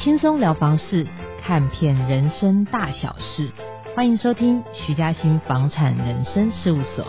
輕鬆聊房事，看遍人生大小事，歡迎收聽徐家興房產人生事務所。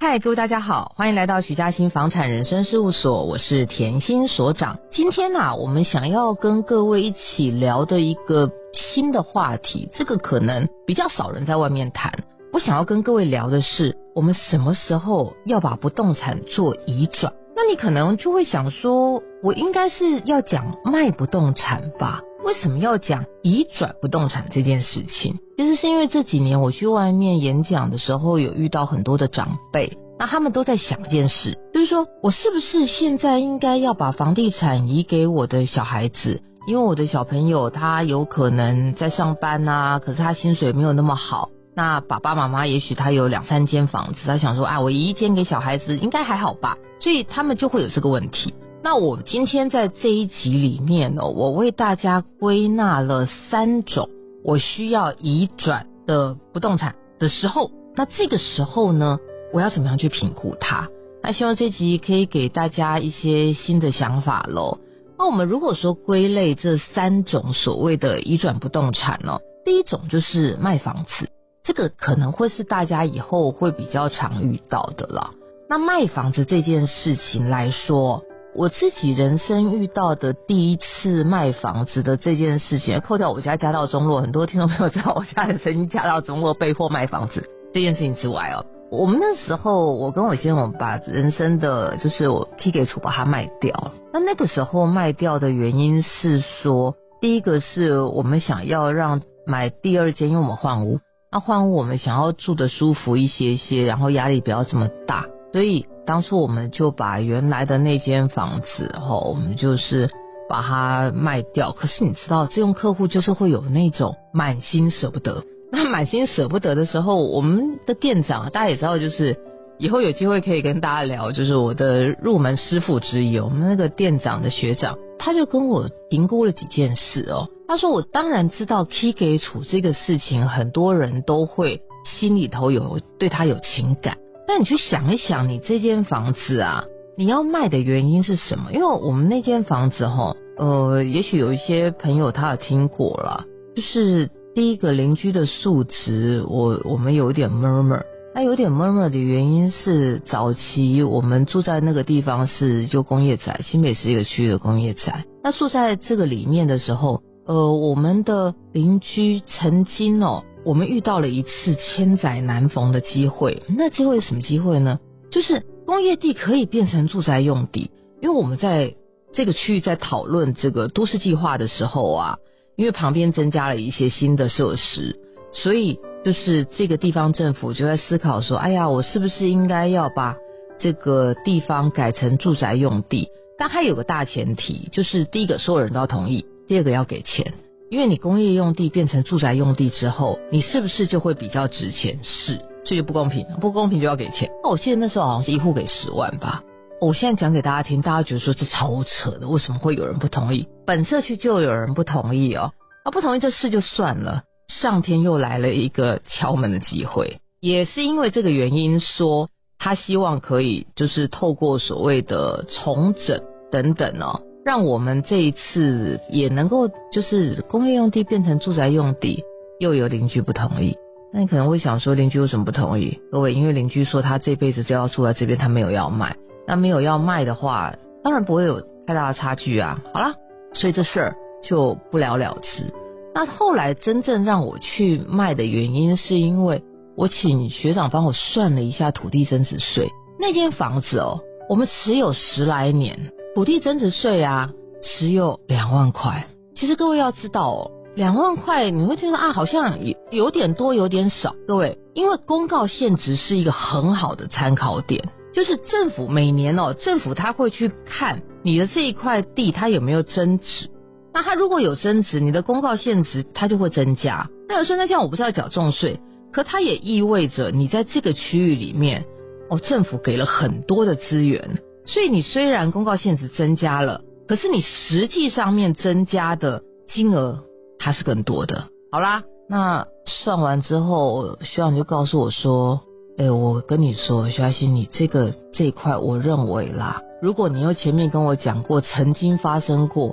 嗨，各位大家好，歡迎來到徐家興房產人生事務所，我是甜心所長。今天呢、啊，我們想要跟各位一起聊的一個新的話題，這個可能比較少人在外面談。我想要跟各位聊的是，我們什麼時候要把不動產做移轉？那你可能就會想說，我應該是要講賣不動產吧？為什麼要講移轉不動產這件事情？其實是因為這幾年我去外面演講的時候，有遇到很多的長輩，那他們都在想一件事，就是說我是不是現在應該要把房地產移給我的小孩子？因為我的小朋友他有可能在上班啊，可是他薪水沒有那麼好。那爸爸媽媽也許他有兩三間房子，他想說啊、哎，我移一間給小孩子應該還好吧，所以他們就會有這個問題。那我今天在這一集裡面呢、哦，我為大家歸納了三種我需要移轉的不動產的時候，那這個時候呢，我要怎麼樣去評估它？那希望這集可以給大家一些新的想法嘍。那我們如果說歸類這三種所謂的移轉不動產呢、哦，第一種就是賣房子。這個可能會是大家以後會比較常遇到的了。那賣房子這件事情來說，我自己人生遇到的第一次賣房子的這件事情，扣掉我家家道中落，很多聽眾朋友知道我家曾經家道中落，被迫賣房子這件事情之外哦，我們那時候我跟我先生我們把人生的，就是我 T 給出把它賣掉。那那個時候賣掉的原因是說，第一個是我們想要讓買第二間，因為我們換屋。那、啊、換我們想要住得舒服一些些，然後壓力不要這麼大，所以當初我們就把原來的那間房子，吼，我們就是把它賣掉。可是你知道，這種客戶就是會有那種滿心捨不得。那滿心捨不得的時候，我們的店長大家也知道，就是。以後有機會可以跟大家聊，就是我的入門師傅之一，我們那個店長的學長，他就跟我評估了幾件事哦。他說：“我當然知道 k 給處這個事情，很多人都會心裡頭有對他有情感。但你去想一想，你這間房子啊，你要賣的原因是什麼？因為我們那間房子哈、哦，呃，也許有一些朋友他有聽過了，就是第一個鄰居的素質，我我們有點 murmur。”那有點悶悶的原因是，早期我們住在那個地方是就工業宅，新北市一個區域的工業宅。那住在這個裡面的時候，呃，我們的鄰居曾經哦，我們遇到了一次千載難逢的機會。那機會是什麼機會呢？就是工業地可以變成住宅用地，因為我們在這個區域在討論這個都市計劃的時候啊，因為旁邊增加了一些新的設施，所以。就是這個地方政府就在思考說，哎呀，我是不是應該要把這個地方改成住宅用地？但還有個大前提，就是第一個所有人都要同意，第二個要給錢，因為你工業用地變成住宅用地之後，你是不是就會比較值錢？是，這就不公平，不公平就要給錢。我記得那時候好像是一戶給十萬吧。哦，我現在講給大家聽，大家覺得說這超扯的，為什麼會有人不同意？本社區就有人不同意哦，啊，不同意這事就算了。上天又來了一個敲門的機會，也是因為這個原因說，說他希望可以就是透過所謂的重整等等哦，讓我們這一次也能夠就是工業用地變成住宅用地，又有鄰居不同意。那你可能會想說，鄰居為什麼不同意？各位，因為鄰居說他這輩子就要住在這邊，他沒有要賣。那沒有要賣的話，當然不會有太大的差距啊。好啦，所以這事兒就不了了之。那後來真正讓我去賣的原因，是因為我請學長幫我算了一下土地增值稅。那間房子哦，我們持有十來年，土地增值稅啊，只有兩萬塊。其實各位要知道哦，兩萬塊你會聽到啊，好像有有點多，有點少。各位，因為公告現值是一個很好的參考點，就是政府每年哦，政府他會去看你的這一塊地它有沒有增值。那它如果有增值，你的公告現值它就會增加。那有時候，像我不是要繳重稅，可它也意味着你在這個區域裡面，哦，政府給了很多的資源，所以你雖然公告現值增加了，可是你實際上面增加的金額它是更多的。好啦，那算完之後，學長就告訴我說：“誒、欸，我跟你說，徐愛新，你這個這一塊，我認為啦，如果你又前面跟我講過，曾經發生過。”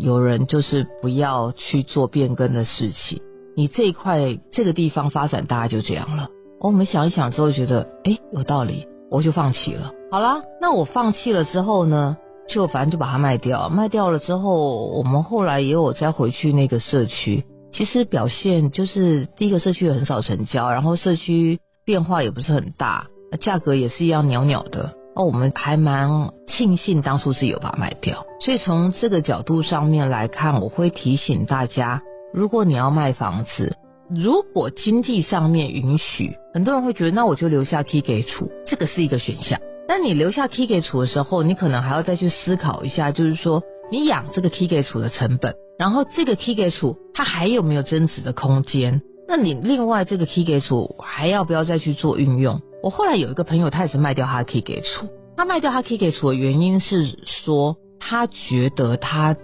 有人就是不要去做變更的事情，你這一塊這個地方發展，大概就這樣了。我們想一想之後，覺得哎、欸、有道理，我就放棄了。好啦，那我放棄了之後呢，就反正就把它賣掉。賣掉了之後，我們後來也有再回去那個社區，其實表現就是第一個社區很少成交，然後社區變化也不是很大，價格也是一樣裊裊的。哦，我們還蠻慶幸當初是有把它賣掉，所以從這個角度上面來看，我會提醒大家，如果你要賣房子，如果經濟上面允許，很多人會覺得那我就留下 T 給儲，這個是一個選項。但你留下 T 給儲的時候，你可能還要再去思考一下，就是說你養這個 T 給儲的成本，然後這個 T 給儲它還有沒有增值的空間？那你另外這個 T 給儲還要不要再去做運用？我後來有一個朋友，他也是賣掉他的 K 給處。他賣掉他的 K 給處的原因是說，他覺得他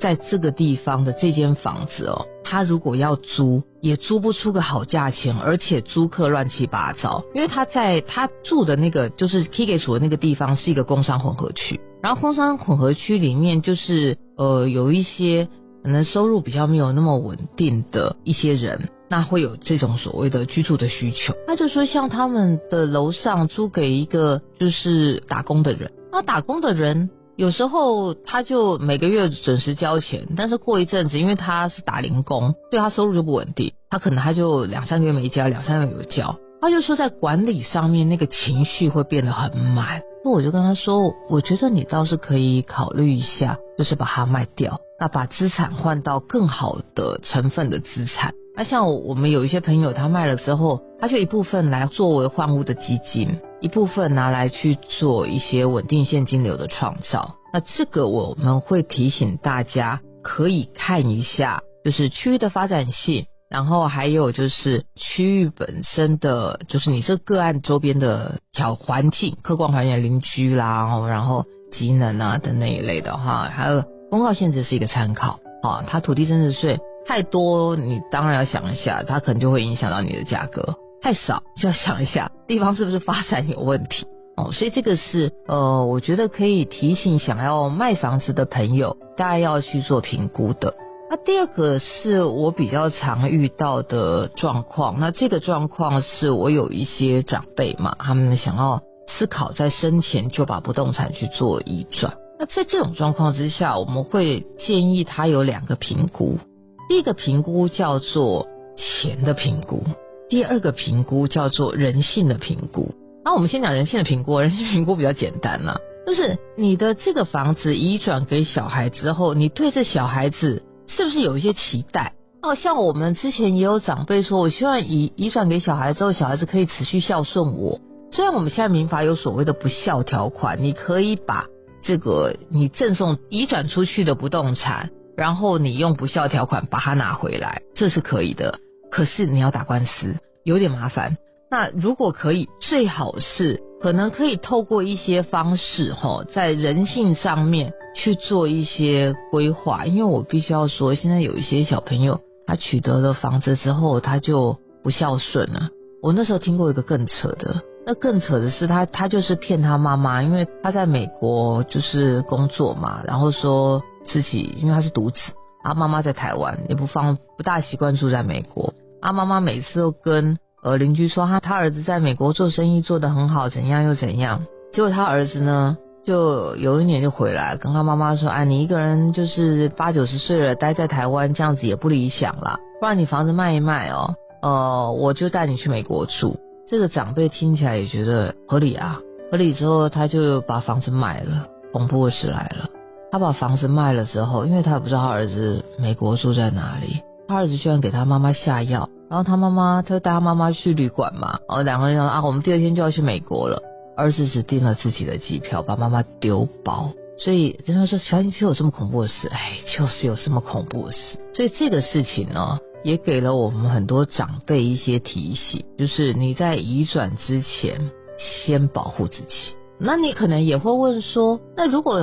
在這個地方的這間房子哦，他如果要租，也租不出個好價錢，而且租客亂七八糟。因為他在他住的那個就是 K 給處的那個地方是一個工商混合區，然後工商混合區裡面就是呃有一些可能收入比較沒有那麼穩定的一些人。那會有這種所謂的居住的需求。他就說像他們的樓上租給一個就是打工的人，那打工的人有時候他就每個月準時交錢，但是過一陣子，因為他是打零工，對他收入就不穩定，他可能他就兩三個月沒交，兩三個月有交。他就說在管理上面那個情緒會變得很滿。那我就跟他說，我覺得你倒是可以考慮一下，就是把它賣掉，那把資產換到更好的成分的資產。那像我們有一些朋友，他賣了之後，他就一部分來作為換屋的基金，一部分拿來去做一些穩定現金流的創造。那這個我們會提醒大家，可以看一下，就是區域的發展性，然後還有就是區域本身的，就是你這個個案周邊的小環境，客觀環境、鄰居啦，然後機能啊的那一類的哈，還有公告限制是一個參考啊，它土地增值稅。太多，你當然要想一下，它可能就會影響到你的價格；太少就要想一下，地方是不是發展有問題哦。所以這個是呃，我覺得可以提醒想要賣房子的朋友，大家要去做評估的。那第二個是我比較常遇到的狀況，那這個狀況是我有一些長輩嘛，他們想要思考在生前就把不動產去做移轉。那在這種狀況之下，我們會建議他有兩個評估。第一個評估叫做錢的評估，第二個評估叫做人性的評估。那、啊、我們先講人性的評估，人性評估比較簡單了、啊，就是你的這個房子移轉給小孩之後，你對這小孩子是不是有一些期待？哦、啊，像我們之前也有長輩說，我希望移移轉給小孩之後，小孩子可以持續孝順我。雖然我們現在民法有所謂的不孝條款，你可以把這個你贈送移轉出去的不動產。然後你用不孝條款把它拿回來，這是可以的。可是你要打官司，有點麻煩。那如果可以，最好是可能可以透過一些方式，吼，在人性上面去做一些規劃。因為我必須要說，現在有一些小朋友，他取得了房子之後，他就不孝順了。我那時候聽過一個更扯的，那更扯的是他，他就是騙他媽媽，因為他在美國就是工作嘛，然後說。自己因為他是獨子，他媽媽在台灣也不方不大習慣住在美國。他媽媽每次都跟呃鄰居說他他兒子在美國做生意做得很好怎樣又怎樣。結果他兒子呢就有一年就回來跟他媽媽說：“哎，你一個人就是八九十歲了，待在台灣這樣子也不理想啦，不然你房子賣一賣哦，喔，呃我就帶你去美國住。”這個長輩聽起來也覺得合理啊，合理之後他就把房子賣了，恐怖的事來了。他把房子賣了之後，因為他也不知道他兒子美國住在哪裡，他兒子居然給他媽媽下藥，然後他媽媽，他就帶他媽媽去旅館嘛，然後兩個人說啊，我們第二天就要去美國了，兒子只訂了自己的機票，把媽媽丟包，所以人家說，小心是有這麼恐怖的事，哎，就是有這麼恐怖的事，所以這個事情呢，也給了我們很多長輩一些提醒，就是你在移轉之前，先保護自己。那你可能也會問說，那如果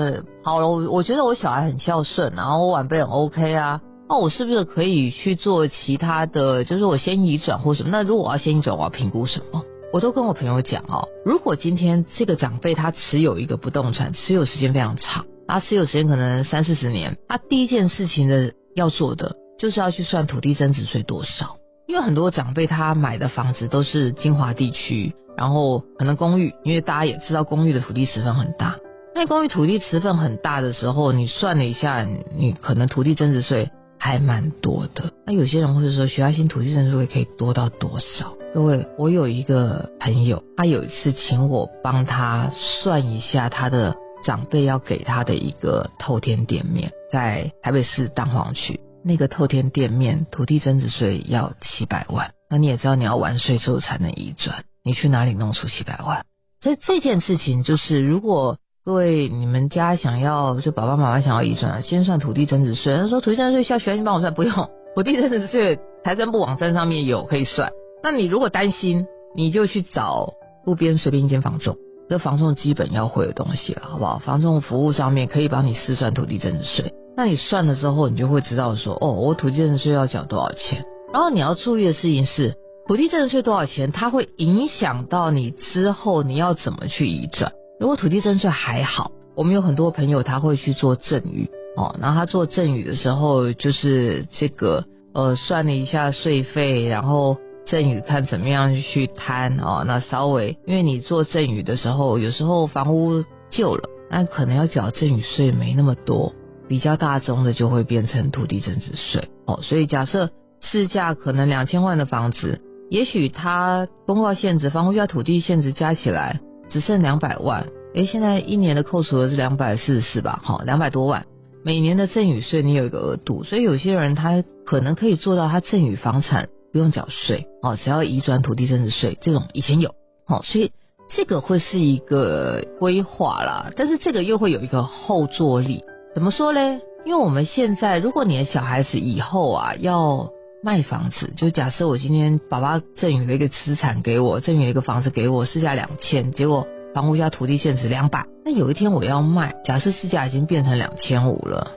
好了，我覺得我小孩很孝順啊，然後我晚輩很 OK 啊，那我是不是可以去做其他的？就是我先移轉或什麼？那如果我要先移轉，我要評估什麼？我都跟我朋友講哦，如果今天這個長輩他持有一個不動產，持有時間非常長，他持有時間可能三四十年，他第一件事情的要做的就是要去算土地增值稅多少。因為很多長輩他買的房子都是精華地區，然後很多公寓，因為大家也知道公寓的土地持分很大。那公寓土地持分很大的時候，你算了一下，你可能土地增值稅還蠻多的。那有些人會說徐家新土地增值稅可以多到多少？各位，我有一個朋友，他有一次請我幫他算一下他的長輩要給他的一個透天店面，在台北市蛋黃區。那個透天店面土地增值稅要七百萬，那你也知道你要完稅之後才能移轉，你去哪裡弄出七百萬？所以這件事情就是，如果各位你們家想要，就爸爸媽媽想要移轉，先算土地增值稅。說土地增值稅需要你幫我算？不用，土地增值稅財政部網站上面有可以算。那你如果擔心，你就去找路邊隨便一間房仲，這房仲基本要會有東西了，好不好？房仲服務上面可以幫你試算土地增值稅。那你算了之後，你就會知道說，哦，我土地增值稅要繳多少錢。然後你要注意的事情是，土地增值稅多少錢，它會影響到你之後你要怎麼去移轉。如果土地增值稅還好，我們有很多朋友他會去做贈與，哦，然後他做贈與的時候，就是這個呃算了一下稅費，然後贈與看怎麼樣去攤，哦，那稍微因為你做贈與的時候，有時候房屋舊了，那可能要繳贈與稅沒那麼多。比較大宗的就會變成土地增值稅哦，所以假設市價可能兩千萬的房子，也許它公告現值、房屋價、土地現值加起來只剩兩百萬，誒、欸、現在一年的扣除額是兩百四十四吧，好，兩百多萬，每年的贈與稅你有一個額度，所以有些人他可能可以做到他贈與房產不用繳稅哦，只要移轉土地增值稅這種以前有哦，所以這個會是一個規劃啦，但是這個又會有一個後坐力。怎麼說嘞？因為我們現在，如果你的小孩子以後啊要賣房子，就假設我今天爸爸贈予了一個資產給我，贈予了一個房子給我，市價兩千，結果房屋加土地現值兩百，那有一天我要賣，假設市價已經變成兩千五了，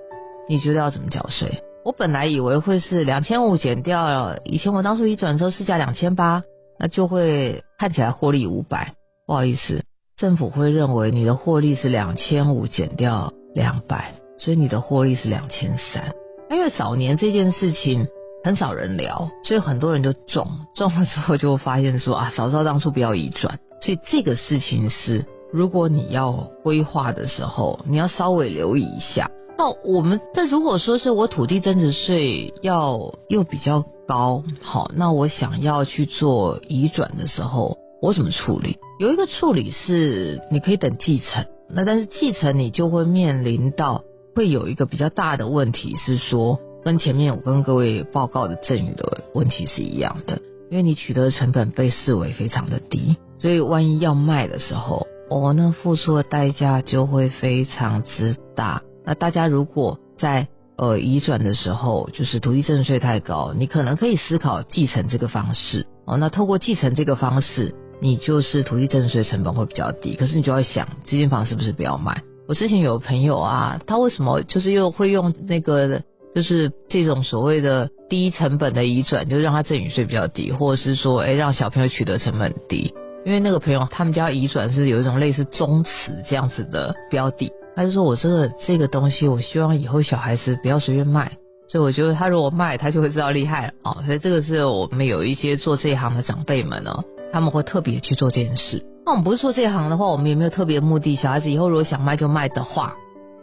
你覺得要怎麼繳稅？我本來以為會是兩千五減掉，以前我當初一轉手市價兩千八，那就會看起來獲利五百，不好意思，政府會認為你的獲利是兩千五減掉兩百。所以你的獲利是兩千三，因為早年這件事情很少人聊，所以很多人就中中了之後就發現說啊，早知道當初不要移轉。所以這個事情是，如果你要規劃的時候，你要稍微留意一下。那我們但如果說是我土地增值稅要又比較高，好，那我想要去做移轉的時候，我怎麼處理？有一個處理是你可以等繼承，那但是繼承你就會面臨到。會有一個比較大的問題是說，跟前面我跟各位報告的贈與的問題是一樣的，因為你取得的成本被視為非常的低，所以萬一要賣的時候，我、哦、那付出的代價就會非常之大。那大家如果在呃移轉的時候，就是土地增值稅太高，你可能可以思考繼承這個方式，哦，那透過繼承這個方式，你就是土地增值稅成本會比較低。可是你就要想，這間房是不是不要賣？我之前有朋友啊，他為什麼就是又會用那個，就是這種所謂的低成本的移轉，就讓他贈與稅比較低，或者是說，誒，哎，讓小朋友取得成本低。因為那個朋友他們家移轉是有一種類似宗祠這樣子的標的，他就說：“我這個這個東西，我希望以後小孩子不要隨便賣，所以我覺得他如果賣，他就會知道厲害哦。”所以這個是我們有一些做這一行的長輩們哦。他們會特別去做這件事。那我們不是做這一行的話，我們有沒有特別的目的？小孩子以後如果想賣就賣的話，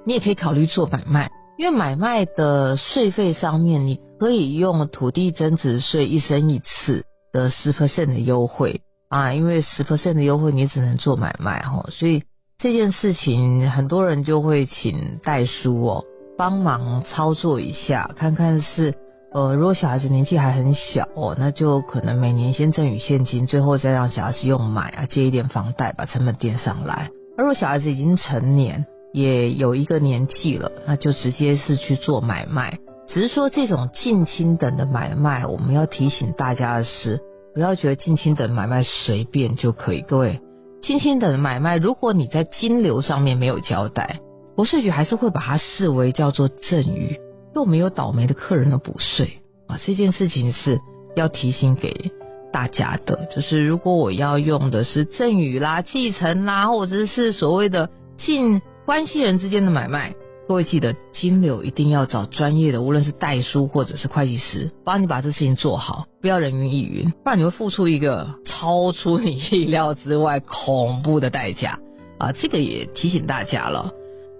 你也可以考慮做買賣，因為買賣的稅費上面你可以用土地增值稅一生一次的十%的優惠啊，因為十%的優惠你只能做買賣哈，所以這件事情很多人就會請代書哦幫忙操作一下，看看是。呃，如果小孩子年紀還很小哦，那就可能每年先贈與現金，最後再讓小孩子用買啊，借一點房貸，把成本墊上來。而如果小孩子已經成年，也有一個年紀了，那就直接是去做買賣。只是說這種近親等的買賣，我們要提醒大家的是，不要覺得近親等的買賣隨便就可以。各位，近親等的買賣，如果你在金流上面沒有交代，國稅局還是會把它視為叫做贈與。又沒有倒霉的客人的補稅，啊！這件事情是要提醒給大家的，就是如果我要用的是贈與啦、繼承啦，或者是所謂的近關係人之間的買賣，各位記得金流一定要找專業的，無論是代書或者是會計師，幫你把這事情做好，不要人云亦云，云，不然你會付出一個超出你意料之外恐怖的代價啊！這個也提醒大家了。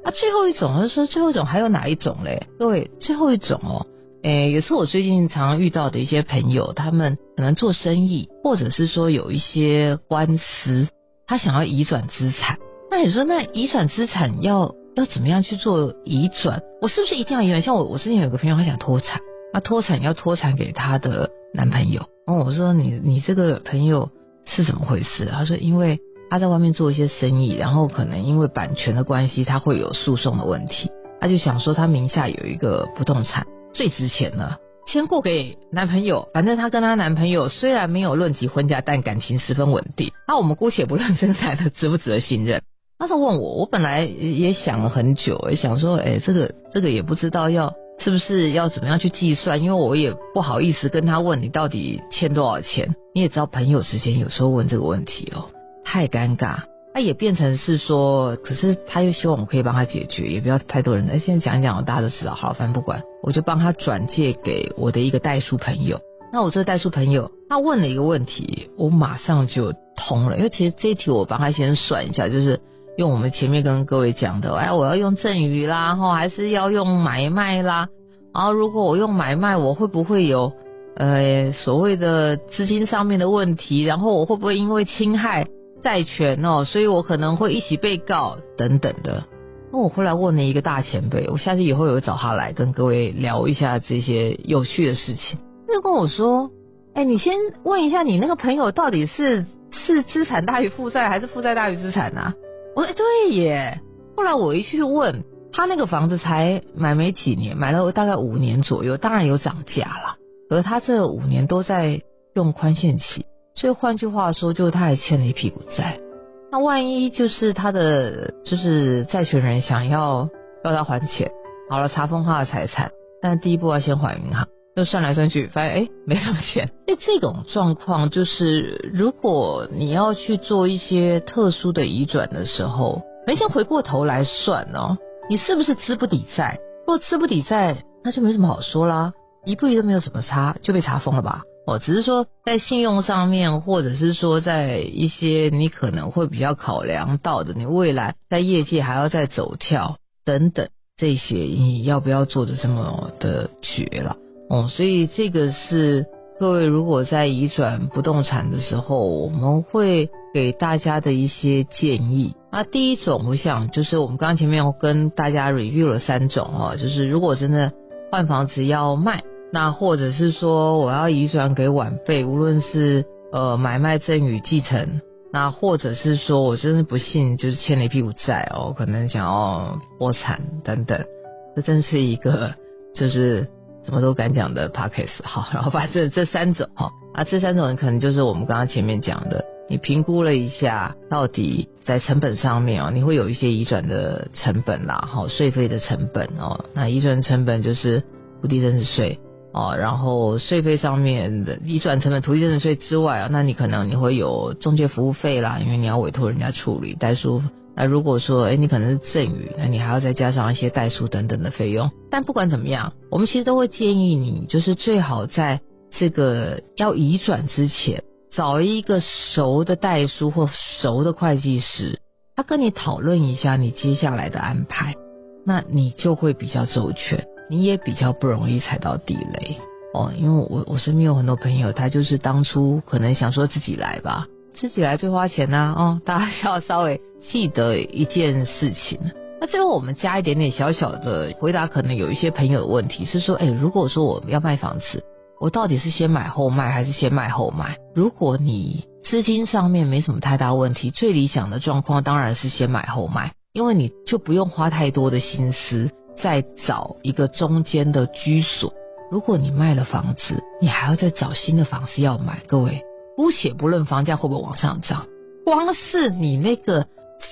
啊、最後一種，就是、說最後一種還有哪一種嘞？各位，最後一種哦，誒、欸，也是我最近常常遇到的一些朋友，他們可能做生意，或者是說有一些官司，他想要移轉資產。那你說，那移轉資產要要怎麼樣去做移轉？我是不是一定要移轉？像我，我之前有個朋友，他想脫產，那脫產要脫產給他的男朋友。哦，我說你你這個朋友是怎麼回事？他說因為。她在外面做一些生意，然後可能因為版權的關係，她會有訴訟的問題。她就想說，她名下有一個不動產，最值錢了，先過給男朋友。反正她跟她男朋友雖然沒有論及婚嫁，但感情十分穩定。那我們姑且不論這個男的值不值得信任。她就問我，我本來也想了很久，也想說，哎、欸，這個這個也不知道要是不是要怎麼樣去計算，因為我也不好意思跟她問你到底欠多少錢。你也知道，朋友之間有時候問這個問題哦。太尷尬，那、啊、也變成是說，可是他又希望我可以幫他解決，也不要太多人。哎、欸，現在講一講，我大家都知道，好，反正不管，我就幫他轉介給我的一個代書朋友。那我這個代書朋友，他問了一個問題，我馬上就通了，因為其實這一題我幫他先算一下，就是用我們前面跟各位講的，哎，我要用贈與啦，然後還是要用買賣啦，然後如果我用買賣，我會不會有呃所謂的資金上面的問題？然後我會不會因為侵害？債權哦，所以我可能會一起被告等等的。那我後來問了一個大前輩，我下次以後有找他來跟各位聊一下這些有趣的事情。他就跟我說：“哎、欸，你先問一下你那個朋友到底是是資產大於負債還是負債大於資產啊？”我說：“哎，對耶。”後來我一去問他，那個房子才買沒幾年，買了大概五年左右，當然有漲價了。可是他這五年都在用寬限期。所以換句話說，就他還欠了一屁股債，那萬一就是他的就是債權人想要要他還錢，好了，查封他的財產，但第一步要先還銀行，就算來算去發現哎，沒什麼錢，那、欸、這種狀況就是如果你要去做一些特殊的移轉的時候，沒先回過頭來算哦，你是不是資不抵債？若資不抵債，那就沒什麼好說啦，一步一都沒有什麼差就被查封了吧。哦，只是說在信用上面，或者是說在一些你可能會比較考量到的，你未來在業界還要再走跳等等這些，你要不要做的這麼的絕了？哦、嗯，所以這個是各位如果在移轉不動產的時候，我們會給大家的一些建議。那第一種，我想就是我們剛前面跟大家 review 了三種哦，就是如果真的換房子要賣。那或者是說我要移轉給晚輩，無論是呃買賣贈與繼承，那或者是說我真是不幸，就是欠了一屁股債哦，可能想要破產等等，這真是一個就是怎麼都敢講的 podcast 好，然後發生這這三種哈，啊這三種可能就是我們剛剛前面講的，你評估了一下到底在成本上面啊、哦，你會有一些移轉的成本啦，好、哦、稅費的成本哦，那移轉成本就是土地增值稅，哦，然後稅費上面的移轉成本、土地增值稅之外啊，那你可能你會有中介服務費啦，因為你要委托人家處理代書。那如果說，誒，你可能是贈與，那你還要再加上一些代書等等的費用。但不管怎麼樣，我們其實都會建議你，就是最好在這個要移轉之前，找一個熟的代書或熟的會計師，他跟你討論一下你接下來的安排，那你就會比較周全。你也比較不容易踩到地雷哦，因為我我身邊有很多朋友，他就是當初可能想說自己來吧，自己來最花錢吶、啊、哦，大家要稍微記得一件事情。那最後我們加一點點小小的回答，可能有一些朋友的問題是說，誒、欸，如果說我要賣房子，我到底是先買後賣還是先賣後賣？如果你資金上面沒什麼太大問題，最理想的狀況當然是先買後賣，因為你就不用花太多的心思。再找一個中間的居所。如果你賣了房子，你還要再找新的房子要買。各位，姑且不論房價會不會往上漲，光是你那個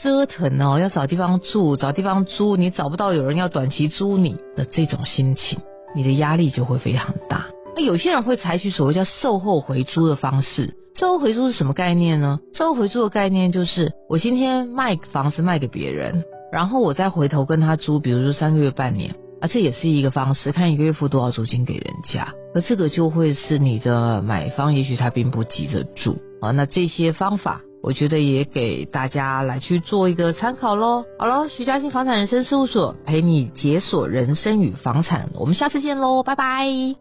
折騰哦，要找地方住，找地方租，你找不到有人要短期租你的這種心情，你的壓力就會非常大。那有些人會採取所謂叫售後回租的方式。售後回租是什麼概念呢？售後回租的概念就是，我今天賣房子賣給別人。然後我再回頭跟他租，比如說三個月、半年，啊，這也是一個方式，看一個月付多少租金給人家，而這個就會是你的買方，也許他並不急着住啊。那這些方法，我覺得也給大家來去做一個參考嘍。好嘍，徐嘉興房產人生事務所陪你解鎖人生與房產，我們下次見嘍，拜拜。